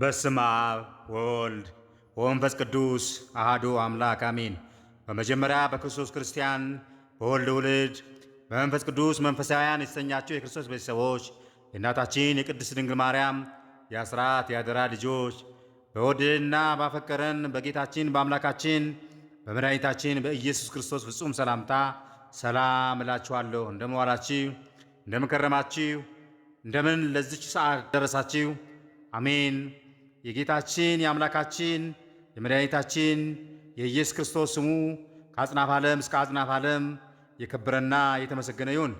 በስመ አብ ወወልድ ወመንፈስ ቅዱስ አሃዱ አምላክ አሜን። በመጀመሪያ በክርስቶስ ክርስቲያን በወልድ ውልድ በመንፈስ ቅዱስ መንፈሳውያን የተሰኛቸው የክርስቶስ ቤተሰቦች የእናታችን የቅድስት ድንግል ማርያም የአስራት የአደራ ልጆች በወደደንና ባፈቀረን በጌታችን በአምላካችን በመድኃኒታችን በኢየሱስ ክርስቶስ ፍጹም ሰላምታ ሰላም እላችኋለሁ። እንደምን ዋላችሁ? እንደምን ከረማችሁ? እንደምን ለዚች ሰዓት ደረሳችሁ? አሜን። የጌታችን የአምላካችን የመድኃኒታችን የኢየሱስ ክርስቶስ ስሙ ከአጽናፍ ዓለም እስከ አጽናፍ ዓለም የከበረና የተመሰገነ ይሁን።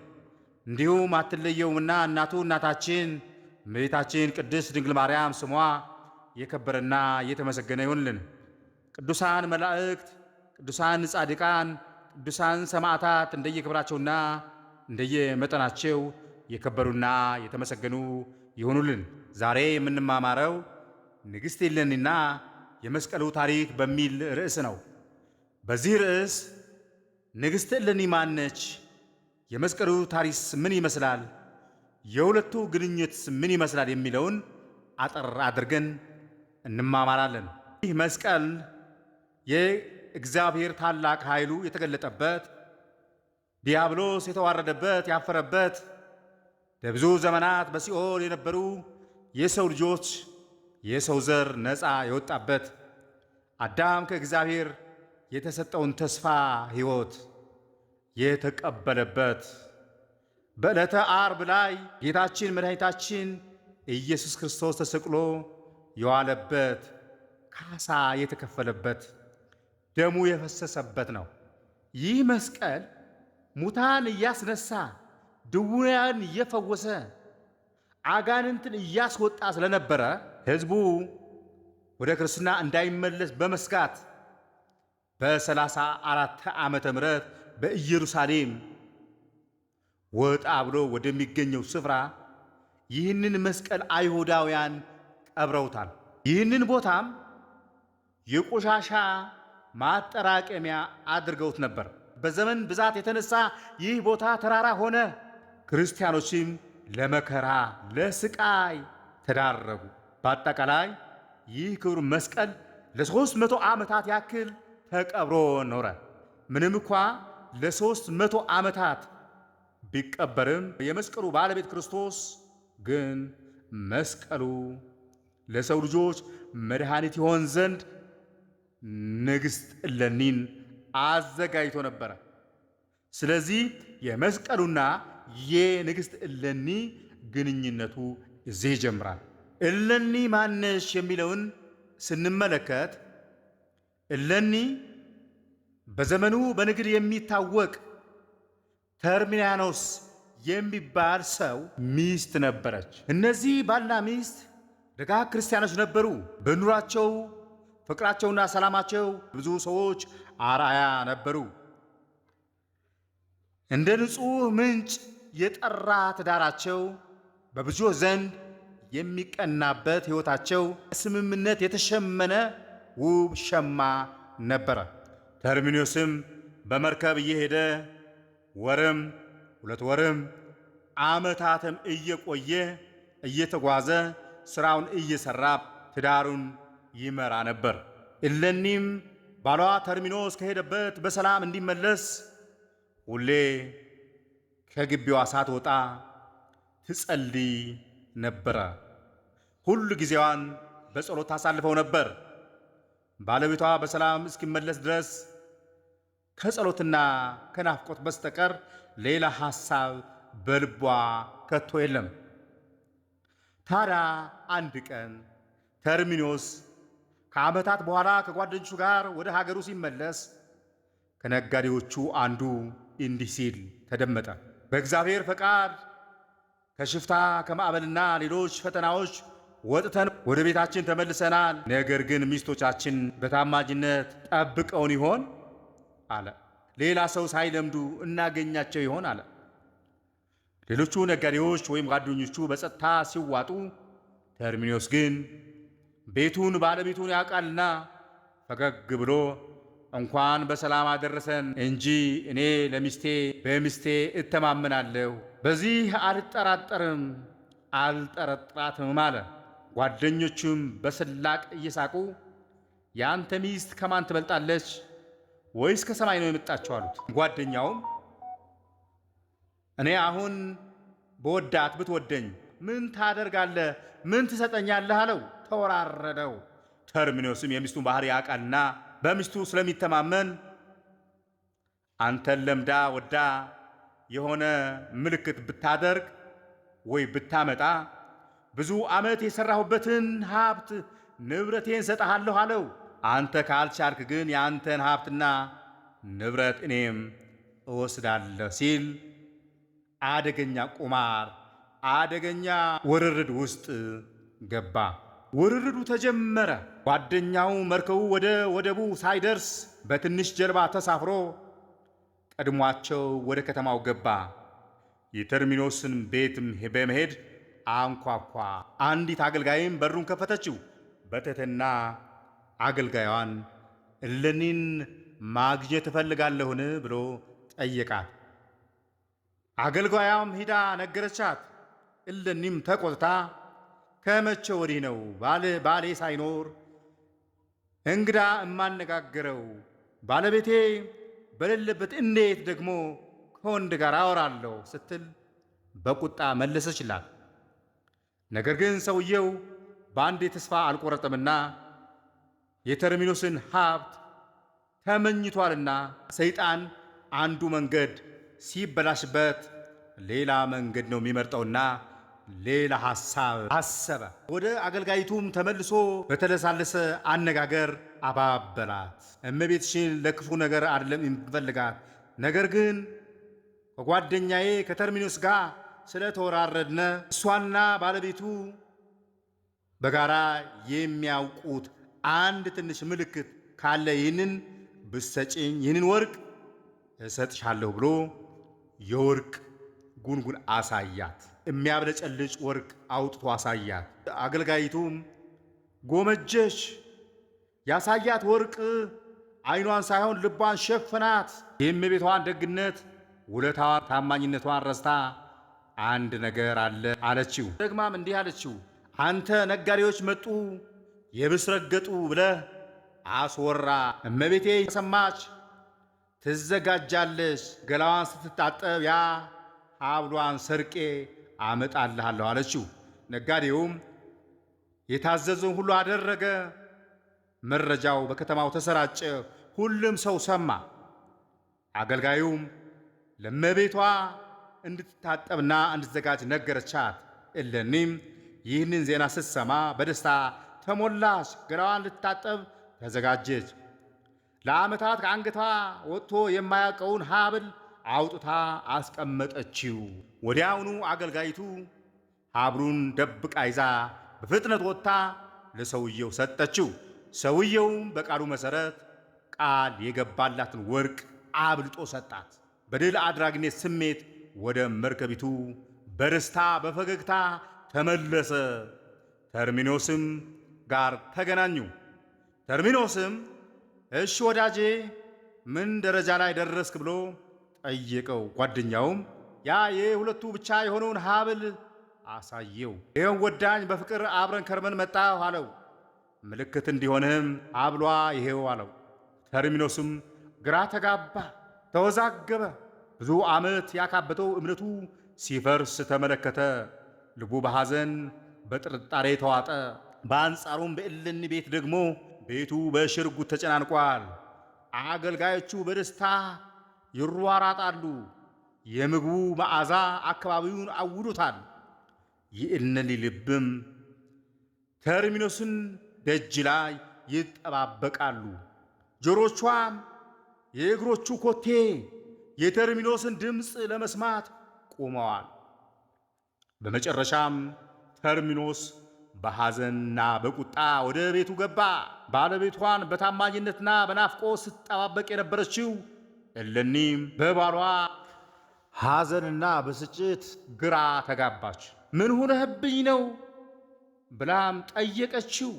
እንዲሁም አትለየውምና እናቱ እናታችን እመቤታችን ቅድስት ድንግል ማርያም ስሟ የከበረና የተመሰገነ ይሁንልን። ቅዱሳን መላእክት፣ ቅዱሳን ጻድቃን፣ ቅዱሳን ሰማዕታት እንደየክብራቸውና እንደየመጠናቸው የከበሩና የተመሰገኑ ይሆኑልን። ዛሬ የምንማማረው ንግሥት እሌኒና የመስቀሉ ታሪክ በሚል ርዕስ ነው። በዚህ ርዕስ ንግሥት እሌኒ ማነች? የመስቀሉ ታሪክስ ምን ይመስላል? የሁለቱ ግንኙትስ ምን ይመስላል? የሚለውን አጠር አድርገን እንማማራለን። ይህ መስቀል የእግዚአብሔር ታላቅ ኃይሉ የተገለጠበት ዲያብሎስ የተዋረደበት ያፈረበት ለብዙ ዘመናት በሲኦል የነበሩ የሰው ልጆች የሰው ዘር ነፃ የወጣበት አዳም ከእግዚአብሔር የተሰጠውን ተስፋ ሕይወት የተቀበለበት በዕለተ አርብ ላይ ጌታችን መድኃኒታችን ኢየሱስ ክርስቶስ ተሰቅሎ የዋለበት ካሳ የተከፈለበት ደሙ የፈሰሰበት ነው። ይህ መስቀል ሙታን እያስነሳ ድውያን እየፈወሰ አጋንንትን እያስወጣ ስለነበረ ሕዝቡ ወደ ክርስትና እንዳይመለስ በመስጋት በሰላሳ አራት ዓመተ ምሕረት በኢየሩሳሌም ወጣ ብሎ ወደሚገኘው ስፍራ ይህንን መስቀል አይሁዳውያን ቀብረውታል። ይህንን ቦታም የቆሻሻ ማጠራቀሚያ አድርገውት ነበር። በዘመን ብዛት የተነሳ ይህ ቦታ ተራራ ሆነ። ክርስቲያኖችም ለመከራ ለስቃይ ተዳረጉ። በአጠቃላይ ይህ ክቡር መስቀል ለሦስት መቶ ዓመታት ያክል ተቀብሮ ኖረ። ምንም እኳ ለሦስት መቶ ዓመታት ቢቀበርም የመስቀሉ ባለቤት ክርስቶስ ግን መስቀሉ ለሰው ልጆች መድኃኒት ይሆን ዘንድ ንግሥት እለኒን አዘጋጅቶ ነበረ። ስለዚህ የመስቀሉና የንግሥት እለኒ ግንኙነቱ እዚህ ይጀምራል። እለኒ ማነሽ የሚለውን ስንመለከት እለኒ በዘመኑ በንግድ የሚታወቅ ተርሚናኖስ የሚባል ሰው ሚስት ነበረች። እነዚህ ባልና ሚስት ደጋ ክርስቲያኖች ነበሩ። በኑሯቸው ፍቅራቸውና ሰላማቸው ብዙ ሰዎች አርአያ ነበሩ። እንደ ንጹሕ ምንጭ የጠራ ትዳራቸው በብዙዎች ዘንድ የሚቀናበት ሕይወታቸው ስምምነት የተሸመነ ውብ ሸማ ነበረ። ተርሚኒዮስም በመርከብ እየሄደ ወርም ሁለት ወርም ዓመታትም እየቆየ እየተጓዘ ስራውን እየሰራ ትዳሩን ይመራ ነበር። እለኒም ባሏ ተርሚኖስ ከሄደበት በሰላም እንዲመለስ ሁሌ ከግቢዋ ሳትወጣ ትጸልይ ነበረ። ሁሉ ጊዜዋን በጸሎት ታሳልፈው ነበር። ባለቤቷ በሰላም እስኪመለስ ድረስ ከጸሎትና ከናፍቆት በስተቀር ሌላ ሐሳብ በልቧ ከቶ የለም። ታዲያ አንድ ቀን ተርሚኖስ ከዓመታት በኋላ ከጓደኞቹ ጋር ወደ ሀገሩ ሲመለስ ከነጋዴዎቹ አንዱ እንዲህ ሲል ተደመጠ። በእግዚአብሔር ፈቃድ ከሽፍታ ከማዕበልና ሌሎች ፈተናዎች ወጥተን ወደ ቤታችን ተመልሰናል። ነገር ግን ሚስቶቻችን በታማጅነት ጠብቀውን ይሆን አለ። ሌላ ሰው ሳይለምዱ እናገኛቸው ይሆን አለ። ሌሎቹ ነጋዴዎች ወይም ጓደኞቹ በጸጥታ ሲዋጡ፣ ተርሚኒዎስ ግን ቤቱን ባለቤቱን ያውቃልና ፈገግ ብሎ እንኳን በሰላም አደረሰን እንጂ እኔ ለሚስቴ በሚስቴ እተማመናለሁ፣ በዚህ አልጠራጠርም አልጠረጥራትም አለ። ጓደኞቹም በስላቅ እየሳቁ የአንተ ሚስት ከማን ትበልጣለች? ወይስ ከሰማይ ነው የመጣችው? አሉት። ጓደኛውም እኔ አሁን በወዳት ብትወደኝ ምን ታደርጋለህ? ምን ትሰጠኛለህ? አለው። ተወራረደው። ተርሚኖስም የሚስቱን ባህሪ ያውቃልና በሚስቱ ስለሚተማመን አንተን ለምዳ ወዳ የሆነ ምልክት ብታደርግ ወይ ብታመጣ ብዙ ዓመት የሠራሁበትን ሀብት ንብረቴን ሰጠሃለሁ አለው። አንተ ካልቻልክ ግን የአንተን ሀብትና ንብረት እኔም እወስዳለሁ ሲል አደገኛ ቁማር፣ አደገኛ ውርርድ ውስጥ ገባ። ውርርዱ ተጀመረ። ጓደኛው መርከቡ ወደ ወደቡ ሳይደርስ በትንሽ ጀልባ ተሳፍሮ ቀድሟቸው ወደ ከተማው ገባ። የተርሚኖስን ቤትም በመሄድ አንኳኳ። አንዲት አገልጋይም በሩን ከፈተችው። በትህትና አገልጋይዋን እለኒን ማግኘት እፈልጋለሁን ብሎ ጠየቃት። አገልጋያም ሂዳ ነገረቻት። እለኒም ተቆጥታ ከመቼ ወዲህ ነው ባሌ ሳይኖር እንግዳ እማነጋግረው? ባለቤቴ በሌለበት እንዴት ደግሞ ከወንድ ጋር አወራለሁ ስትል በቁጣ መለሰችላት። ነገር ግን ሰውየው በአንዴ ተስፋ አልቆረጠምና የተርሚኖስን ሀብት ተመኝቷልና ሰይጣን አንዱ መንገድ ሲበላሽበት ሌላ መንገድ ነው የሚመርጠውና ሌላ ሐሳብ አሰበ። ወደ አገልጋይቱም ተመልሶ በተለሳለሰ አነጋገር አባበላት። እመቤትሽን ለክፉ ነገር አይደለም የምፈልጋት፣ ነገር ግን ከጓደኛዬ ከተርሚኖስ ጋር ስለተወራረድነ እሷና ባለቤቱ በጋራ የሚያውቁት አንድ ትንሽ ምልክት ካለ ይህንን ብሰጭኝ ይህንን ወርቅ እሰጥሻለሁ ብሎ የወርቅ ጉንጉን አሳያት። የሚያብለጨልጭ ወርቅ አውጥቶ አሳያት። አገልጋይቱም ጎመጀች። ያሳያት ወርቅ ዓይኗን ሳይሆን ልቧን ሸፈናት። ይህም የቤቷን ደግነት፣ ውለታዋን፣ ታማኝነቷን ረስታ አንድ ነገር አለ አለችው። ደግማም እንዲህ አለችው፣ አንተ ነጋዴዎች መጡ የብስረገጡ ብለህ አስወራ። እመቤቴ ተሰማች፣ ትዘጋጃለች። ገላዋን ስትታጠብ ያ ሀብሏን ሰርቄ አመጣልሃለሁ አለችው። ነጋዴውም የታዘዘውን ሁሉ አደረገ። መረጃው በከተማው ተሰራጨ፣ ሁሉም ሰው ሰማ። አገልጋዩም ለመቤቷ እንድትታጠብና እንድትዘጋጅ ነገረቻት። እለኒም ይህንን ዜና ስትሰማ በደስታ ተሞላች፣ ገላዋን ልትታጠብ ተዘጋጀች። ለዓመታት ከአንገቷ ወጥቶ የማያውቀውን ሀብል አውጥታ አስቀመጠችው። ወዲያውኑ አገልጋይቱ ሀብሉን ደብቃ ይዛ በፍጥነት ወጥታ ለሰውየው ሰጠችው። ሰውየውም በቃሉ መሠረት ቃል የገባላትን ወርቅ አብልጦ ሰጣት። በድል አድራጊነት ስሜት ወደ መርከቢቱ በደስታ በፈገግታ ተመለሰ። ተርሚኖስም ጋር ተገናኙ። ተርሚኖስም እሺ ወዳጄ ምን ደረጃ ላይ ደረስክ ብሎ ጠየቀው። ጓደኛውም ያ የሁለቱ ብቻ የሆነውን ሀብል አሳየው። ይህን ወዳኝ በፍቅር አብረን ከርመን መጣሁ አለው። ምልክት እንዲሆንህም አብሏ ይሄው አለው። ተርሚኖስም ግራ ተጋባ፣ ተወዛገበ። ብዙ ዓመት ያካበተው እምነቱ ሲፈርስ ተመለከተ። ልቡ በሐዘን በጥርጣሬ ተዋጠ። በአንጻሩም በእልን ቤት ደግሞ ቤቱ በሽርጉት ተጨናንቋል። አገልጋዮቹ በደስታ ይሯራጣሉ። የምግቡ መዓዛ አካባቢውን አውዶታል። የእነሊ ልብም ተርሚኖስን ደጅ ላይ ይጠባበቃሉ። ጆሮቿም የእግሮቹ ኮቴ የተርሚኖስን ድምፅ ለመስማት ቆመዋል። በመጨረሻም ተርሚኖስ በሐዘንና በቁጣ ወደ ቤቱ ገባ። ባለቤቷን በታማኝነትና በናፍቆ ስትጠባበቅ የነበረችው እልኒም በባሏ ሐዘንና ብስጭት ግራ ተጋባች። ምን ሁነህብኝ ነው ብላም ጠየቀችው።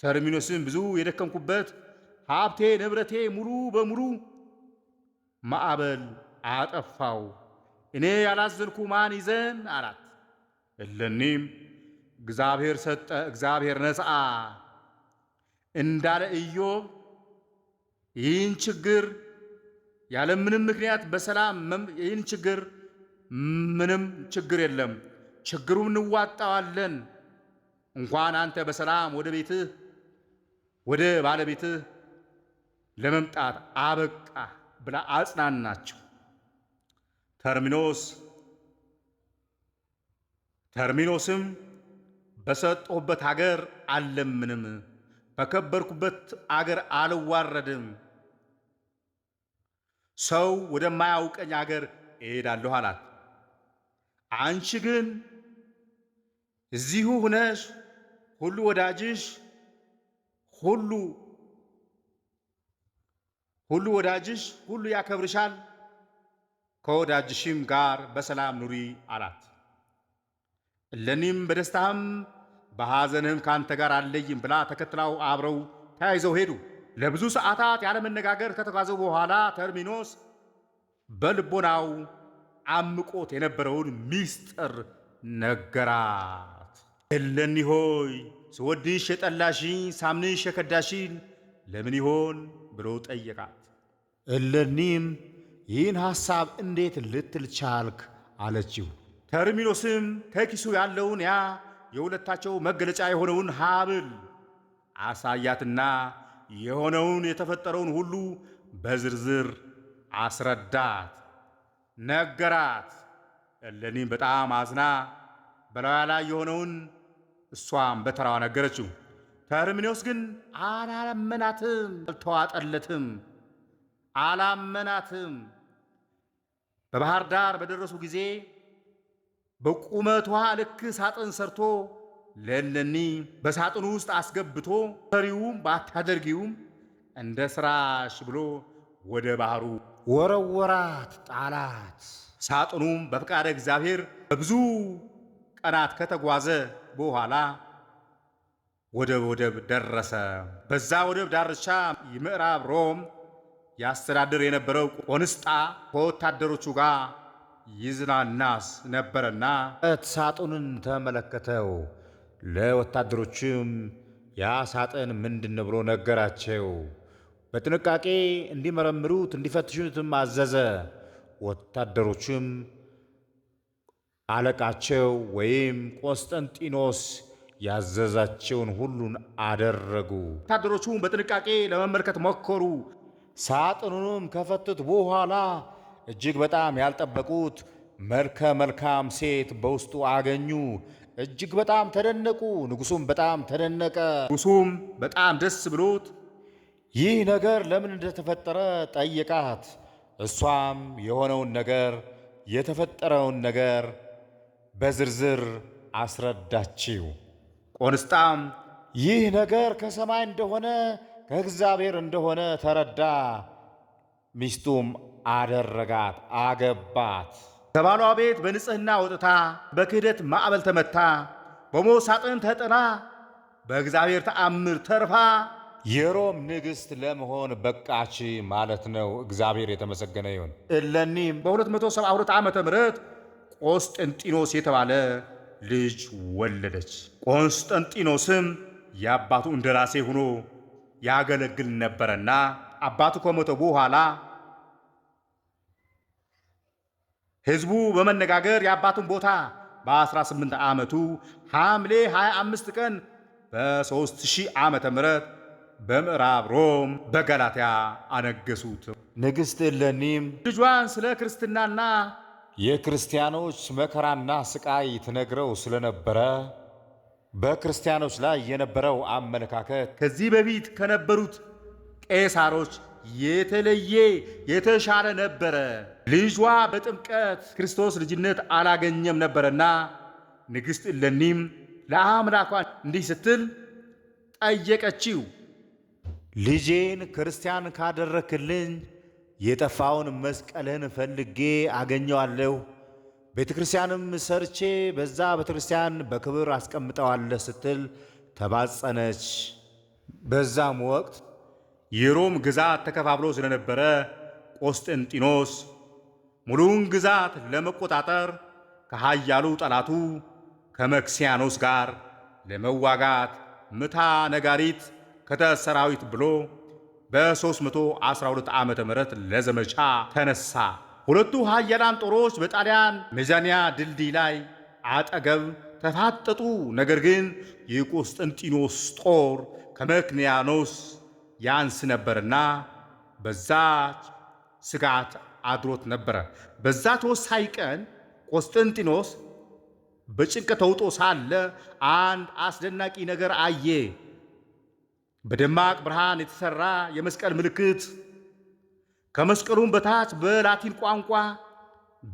ተርሚኖስን ብዙ የደከምኩበት ሀብቴ ንብረቴ ሙሉ በሙሉ ማዕበል አጠፋው፣ እኔ ያላዘንኩ ማን ይዘን አላት። እለኒም እግዚአብሔር ሰጠ እግዚአብሔር ነጻ እንዳለ ኢዮብ ይህን ችግር ያለ ምንም ምክንያት በሰላም ይህን ችግር ምንም ችግር የለም፣ ችግሩን እንዋጣዋለን። እንኳን አንተ በሰላም ወደ ቤትህ ወደ ባለቤትህ ለመምጣት አበቃ ብላ አጽናናቸው። ተርሚኖስ ተርሚኖስም በሰጠሁበት አገር አለምንም በከበርኩበት አገር አልዋረድም ሰው ወደማያውቀኝ አገር እሄዳለሁ አላት። አንቺ ግን እዚሁ ሁነሽ ሁሉ ወዳጅሽ ሁሉ ሁሉ ወዳጅሽ ሁሉ ያከብርሻል፣ ከወዳጅሽም ጋር በሰላም ኑሪ አላት። እለኒም በደስታህም በሐዘንህም ካንተ ጋር አለይም ብላ ተከትላው አብረው ተያይዘው ሄዱ። ለብዙ ሰዓታት ያለመነጋገር ከተጓዘ በኋላ ተርሚኖስ በልቦናው አምቆት የነበረውን ሚስጥር ነገራት። እለኒ ሆይ ስወድሽ የጠላሽኝ ሳምንሽ የከዳሽን ለምን ይሆን ብሎ ጠየቃት። እለኒም ይህን ሐሳብ እንዴት ልትል ቻልክ አለችው። ተርሚኖስም ከኪሱ ያለውን ያ የሁለታቸው መገለጫ የሆነውን ሀብል አሳያትና የሆነውን የተፈጠረውን ሁሉ በዝርዝር አስረዳት፣ ነገራት። እሌኒም በጣም አዝና በላዩ ላይ የሆነውን እሷም በተራዋ ነገረችው። ተርሚኔዎስ ግን አላመናትም፣ አልተዋጠለትም፣ አላመናትም። በባህር ዳር በደረሱ ጊዜ በቁመቷ ልክ ሳጥን ሰርቶ ለለኒ በሳጥኑ ውስጥ አስገብቶ ሰሪውም ባታደርጊውም እንደ ስራሽ ብሎ ወደ ባህሩ ወረወራት ጣላት። ሳጥኑም በፈቃደ እግዚአብሔር በብዙ ቀናት ከተጓዘ በኋላ ወደ ወደብ ደረሰ። በዛ ወደብ ዳርቻ የምዕራብ ሮም ያስተዳድር የነበረው ቆንስጣ ከወታደሮቹ ጋር ይዝናናስ ነበረና ሳጥኑን ተመለከተው። ለወታደሮችም ያ ሳጥን ምንድን ብሎ ነገራቸው። በጥንቃቄ እንዲመረምሩት እንዲፈትሹትም አዘዘ። ወታደሮችም አለቃቸው ወይም ቆስጠንጢኖስ ያዘዛቸውን ሁሉን አደረጉ። ወታደሮቹም በጥንቃቄ ለመመልከት ሞከሩ። ሳጥኑንም ከፈቱት በኋላ እጅግ በጣም ያልጠበቁት መልከ መልካም ሴት በውስጡ አገኙ። እጅግ በጣም ተደነቁ። ንጉሱም በጣም ተደነቀ። ንጉሱም በጣም ደስ ብሎት ይህ ነገር ለምን እንደተፈጠረ ጠየቃት። እሷም የሆነውን ነገር የተፈጠረውን ነገር በዝርዝር አስረዳችው። ቆንስጣም ይህ ነገር ከሰማይ እንደሆነ ከእግዚአብሔር እንደሆነ ተረዳ። ሚስቱም አደረጋት፣ አገባት። ከባሏ ቤት በንጽህና ወጥታ በክህደት ማዕበል ተመታ፣ በሞት ሳጥን ተጥላ በእግዚአብሔር ተአምር ተርፋ የሮም ንግሥት ለመሆን በቃች ማለት ነው። እግዚአብሔር የተመሰገነ ይሁን። እለኒም በ272 ዓ ም ቆስጠንጢኖስ የተባለ ልጅ ወለደች። ቆንስጠንጢኖስም የአባቱ እንደራሴ ሆኖ ያገለግል ነበረና አባቱ ከሞተ በኋላ ሕዝቡ በመነጋገር የአባቱን ቦታ በ18 ዓመቱ ሐምሌ 25 ቀን በ3000 ዓመተ ምህረት በምዕራብ ሮም በገላትያ አነገሱት። ንግሥት እለኒም ልጇን ስለ ክርስትናና የክርስቲያኖች መከራና ስቃይ ትነግረው ስለነበረ በክርስቲያኖች ላይ የነበረው አመለካከት ከዚህ በፊት ከነበሩት ቄሳሮች የተለየ የተሻለ ነበረ። ልጇ በጥምቀት ክርስቶስ ልጅነት አላገኘም ነበረና ንግሥት ለኒም ለአምላኳ እንዲህ ስትል ጠየቀችው። ልጄን ክርስቲያን ካደረክልኝ የጠፋውን መስቀልህን ፈልጌ አገኘዋለሁ። ቤተ ክርስቲያንም ሰርቼ በዛ ቤተ ክርስቲያን በክብር አስቀምጠዋለህ ስትል ተባጸነች። በዛም ወቅት የሮም ግዛት ተከፋፍሎ ስለነበረ ቆስጠንጢኖስ ሙሉውን ግዛት ለመቆጣጠር ከሃያሉ ጠላቱ ከመክሲያኖስ ጋር ለመዋጋት ምታ ነጋሪት ከተሰራዊት ብሎ በ312 ዓ ም ለዘመቻ ተነሳ። ሁለቱ ሃያላን ጦሮች በጣሊያን ሜዛኒያ ድልድይ ላይ አጠገብ ተፋጠጡ። ነገር ግን የቆስጠንጢኖስ ጦር ከመክንያኖስ ያንስ ነበርና በዛ ስጋት አድሮት ነበረ። በዛ ተወሳይ ቀን ቆስጠንጢኖስ በጭንቅ ተውጦ ሳለ አንድ አስደናቂ ነገር አየ። በደማቅ ብርሃን የተሰራ የመስቀል ምልክት ከመስቀሉም በታች በላቲን ቋንቋ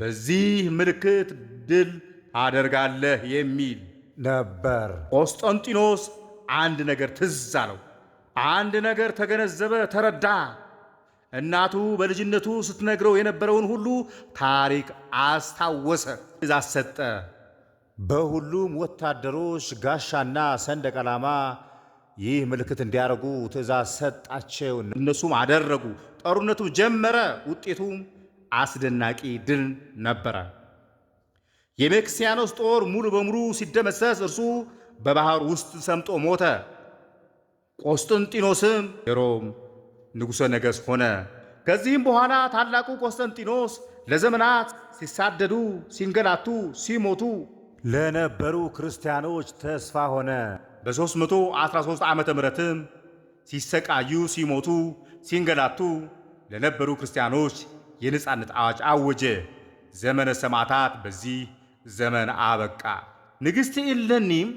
በዚህ ምልክት ድል ታደርጋለህ የሚል ነበር። ቆስጠንጢኖስ አንድ ነገር ትዝ አለው። አንድ ነገር ተገነዘበ፣ ተረዳ። እናቱ በልጅነቱ ስትነግረው የነበረውን ሁሉ ታሪክ አስታወሰ፣ ትእዛዝ ሰጠ። በሁሉም ወታደሮች ጋሻና ሰንደቅ ዓላማ ይህ ምልክት እንዲያደርጉ ትእዛዝ ሰጣቸው። እነሱም አደረጉ። ጦርነቱ ጀመረ። ውጤቱም አስደናቂ ድል ነበረ። የሜክሲያኖስ ጦር ሙሉ በሙሉ ሲደመሰስ እርሱ በባህር ውስጥ ሰምጦ ሞተ። ቆስጠንጢኖስም የሮም ንጉሠ ነገሥ ሆነ። ከዚህም በኋላ ታላቁ ቆስጠንጢኖስ ለዘመናት ሲሳደዱ፣ ሲንገላቱ፣ ሲሞቱ ለነበሩ ክርስቲያኖች ተስፋ ሆነ። በ313 ዓመተ ምሕረትም ሲሰቃዩ፣ ሲሞቱ፣ ሲንገላቱ ለነበሩ ክርስቲያኖች የነፃነት አዋጅ አወጀ። ዘመነ ሰማዕታት በዚህ ዘመን አበቃ። ንግሥት እሌኒም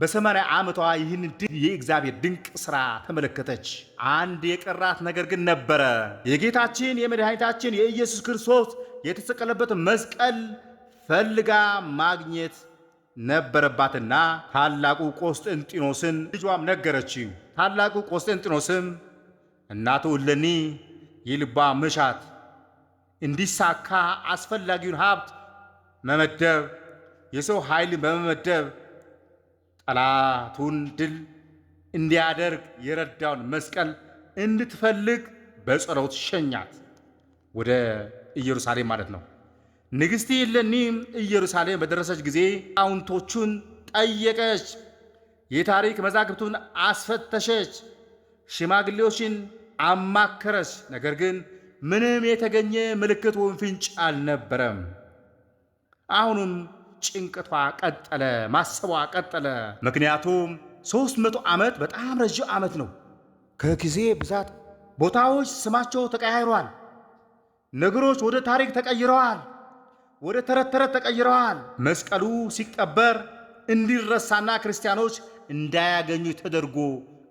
በሰማንያ ዓመቷ ይህን የእግዚአብሔር ድንቅ ስራ ተመለከተች። አንድ የቀራት ነገር ግን ነበረ። የጌታችን የመድኃኒታችን የኢየሱስ ክርስቶስ የተሰቀለበት መስቀል ፈልጋ ማግኘት ነበረባትና ታላቁ ቆስጠንጢኖስን ልጇም ነገረችው። ታላቁ ቆስጠንጢኖስም እናቱ እሌኒ የልቧ መሻት እንዲሳካ አስፈላጊውን ሀብት መመደብ፣ የሰው ኃይል በመመደብ ጠላቱን ድል እንዲያደርግ የረዳውን መስቀል እንድትፈልግ በጸሎት ሸኛት፣ ወደ ኢየሩሳሌም ማለት ነው። ንግሥቲ እሌኒም ኢየሩሳሌም በደረሰች ጊዜ አውንቶቹን ጠየቀች፣ የታሪክ መዛግብቱን አስፈተሸች፣ ሽማግሌዎችን አማከረች። ነገር ግን ምንም የተገኘ ምልክት ወይም ፍንጭ አልነበረም። አሁኑም ጭንቅቷ ቀጠለ፣ ማሰቧ ቀጠለ። ምክንያቱም ሦስት መቶ ዓመት በጣም ረዥም ዓመት ነው። ከጊዜ ብዛት ቦታዎች ስማቸው ተቀያይረዋል። ነገሮች ወደ ታሪክ ተቀይረዋል። ወደ ተረት ተረት ተቀይረዋል። መስቀሉ ሲቀበር እንዲረሳና ክርስቲያኖች እንዳያገኙ ተደርጎ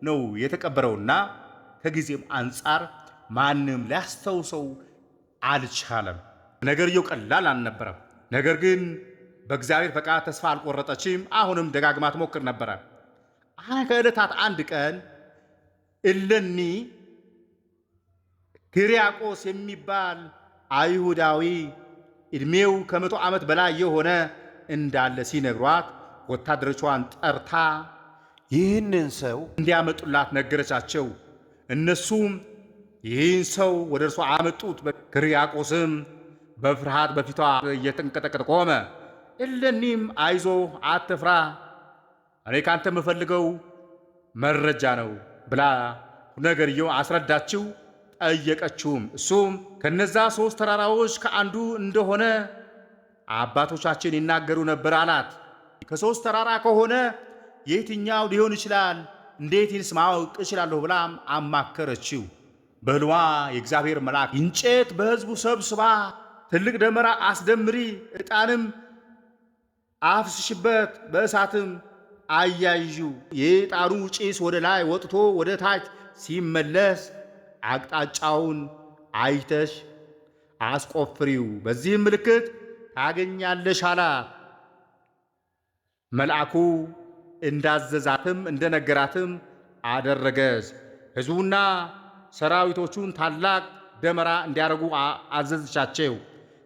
ነው የተቀበረውና ከጊዜም አንጻር ማንም ሊያስተውሰው አልቻለም። ነገርየው ቀላል አልነበረም። ነገር ግን በእግዚአብሔር ፈቃድ ተስፋ አልቆረጠችም። አሁንም ደጋግማ ትሞክር ነበረ። ከዕለታት አንድ ቀን እለኒ ግሪያቆስ የሚባል አይሁዳዊ ዕድሜው ከመቶ ዓመት በላይ የሆነ እንዳለ ሲነግሯት ወታደሮቿን ጠርታ ይህንን ሰው እንዲያመጡላት ነገረቻቸው። እነሱም ይህን ሰው ወደ እርሷ አመጡት። ግሪያቆስም በፍርሃት በፊቷ እየተንቀጠቀጠ ቆመ። እለኒም አይዞ አትፍራ፣ እኔ ካንተ የምፈልገው መረጃ ነው ብላ ነገርየው አስረዳችው፣ ጠየቀችውም። እሱም ከነዛ ሶስት ተራራዎች ከአንዱ እንደሆነ አባቶቻችን ይናገሩ ነበር አላት። ከሶስት ተራራ ከሆነ የትኛው ሊሆን ይችላል? እንዴት እንዴትስ ማወቅ እችላለሁ? ብላም አማከረችው። በልዋ የእግዚአብሔር መልአክ እንጨት በሕዝቡ ሰብስባ ትልቅ ደመራ አስደምሪ፣ ዕጣንም አፍስሽበት፣ በእሳትም አያይዡ። የጣሩ ጭስ ወደ ላይ ወጥቶ ወደ ታች ሲመለስ አቅጣጫውን አይተሽ አስቆፍሪው፣ በዚህም ምልክት ታገኛለሽ አላት። መልአኩ እንዳዘዛትም እንደነገራትም አደረገች። ሕዝቡና ሰራዊቶቹን ታላቅ ደመራ እንዲያደርጉ አዘዘቻቸው።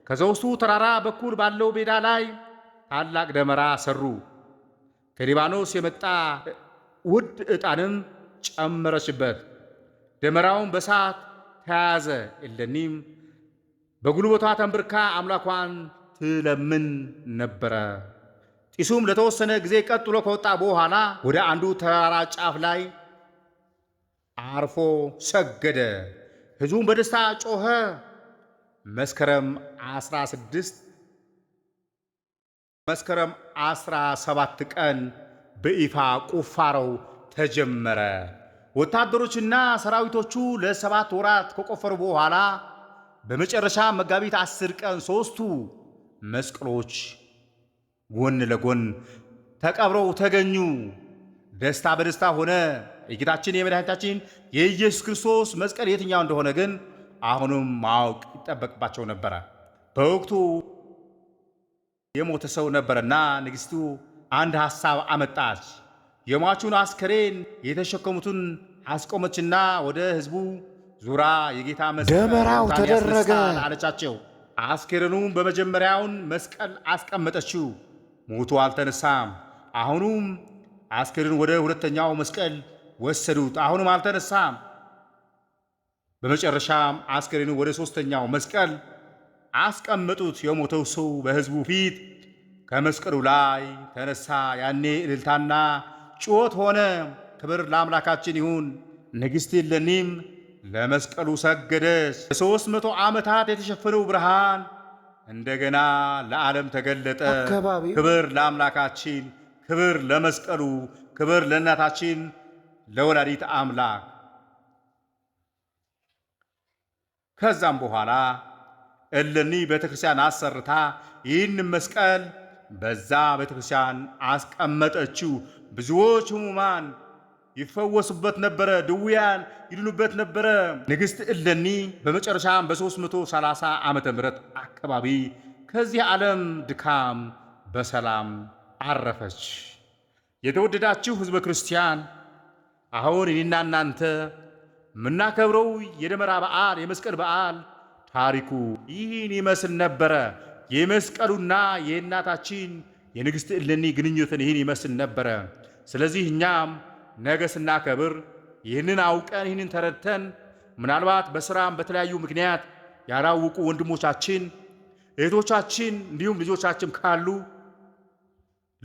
ከዘውስቱ ተራራ በኩል ባለው ሜዳ ላይ ታላቅ ደመራ ሰሩ። ከሊባኖስ የመጣ ውድ ዕጣንም ጨመረችበት። ደመራውን በሳት ተያዘ። እለኒም በጉልበቷ ተንብርካ አምላኳን ትለምን ነበረ። ጢሱም ለተወሰነ ጊዜ ቀጥሎ ከወጣ በኋላ ወደ አንዱ ተራራ ጫፍ ላይ አርፎ ሰገደ። ሕዝቡም በደስታ ጮኸ። መስከረም 16 መስከረም 17 ቀን በይፋ ቁፋሮው ተጀመረ። ወታደሮችና ሰራዊቶቹ ለሰባት ወራት ከቆፈሩ በኋላ በመጨረሻ መጋቢት 10 ቀን ሶስቱ መስቀሎች ጎን ለጎን ተቀብረው ተገኙ። ደስታ በደስታ ሆነ። የጌታችን የመድኃኒታችን የኢየሱስ ክርስቶስ መስቀል የትኛው እንደሆነ ግን አሁንም ማወቅ ይጠበቅባቸው ነበረ በወቅቱ የሞተ ሰው ነበረና ንግስቱ አንድ ሐሳብ አመጣች። የሟቹን አስከሬን የተሸከሙትን አስቆመችና ወደ ሕዝቡ ዙራ የጌታ ደመራው ተደረገ አለቻቸው። አስከሬኑም በመጀመሪያውን መስቀል አስቀመጠችው፣ ሞቱ አልተነሳም። አሁኑም አስከሬኑን ወደ ሁለተኛው መስቀል ወሰዱት፣ አሁንም አልተነሳም። በመጨረሻም አስከሬኑ ወደ ሦስተኛው መስቀል አስቀምጡት። የሞተው ሰው በሕዝቡ ፊት ከመስቀሉ ላይ ተነሳ። ያኔ እልልታና ጩኸት ሆነ። ክብር ለአምላካችን ይሁን። ንግሥት እሌኒም ለመስቀሉ ሰገደች። ለሦስት መቶ ዓመታት የተሸፈነው ብርሃን እንደገና ለዓለም ተገለጠ። ክብር ለአምላካችን፣ ክብር ለመስቀሉ፣ ክብር ለእናታችን ለወላዲት አምላክ። ከዛም በኋላ እልኒ ቤተክርስቲያን አሰርታ ይህን መስቀል በዛ ቤተክርስቲያን አስቀመጠችው። ብዙዎች ሕሙማን ይፈወሱበት ነበረ፣ ድውያን ይድኑበት ነበረ። ንግሥት እለኒ በመጨረሻም በ330 ዓመተ ምህረት አካባቢ ከዚህ ዓለም ድካም በሰላም አረፈች። የተወደዳችሁ ሕዝበ ክርስቲያን አሁን እኔና እናንተ የምናከብረው የደመራ በዓል የመስቀል በዓል ታሪኩ ይህን ይመስል ነበረ። የመስቀሉና የእናታችን የንግሥት እሌኒ ግንኙትን ይህን ይመስል ነበረ። ስለዚህ እኛም ነገ ስናከብር ይህንን አውቀን ይህንን ተረድተን ምናልባት በስራም በተለያዩ ምክንያት ያላወቁ ወንድሞቻችን እህቶቻችን፣ እንዲሁም ልጆቻችን ካሉ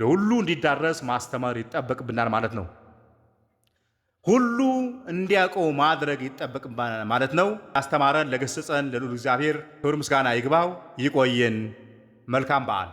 ለሁሉ እንዲዳረስ ማስተማር ይጠበቅብናል ማለት ነው። ሁሉ እንዲያውቀው ማድረግ ይጠበቅብናል ማለት ነው። አስተማረን፣ ለገሰጸን ለልዑል እግዚአብሔር ክብር ምስጋና ይግባው። ይቆየን። መልካም በዓል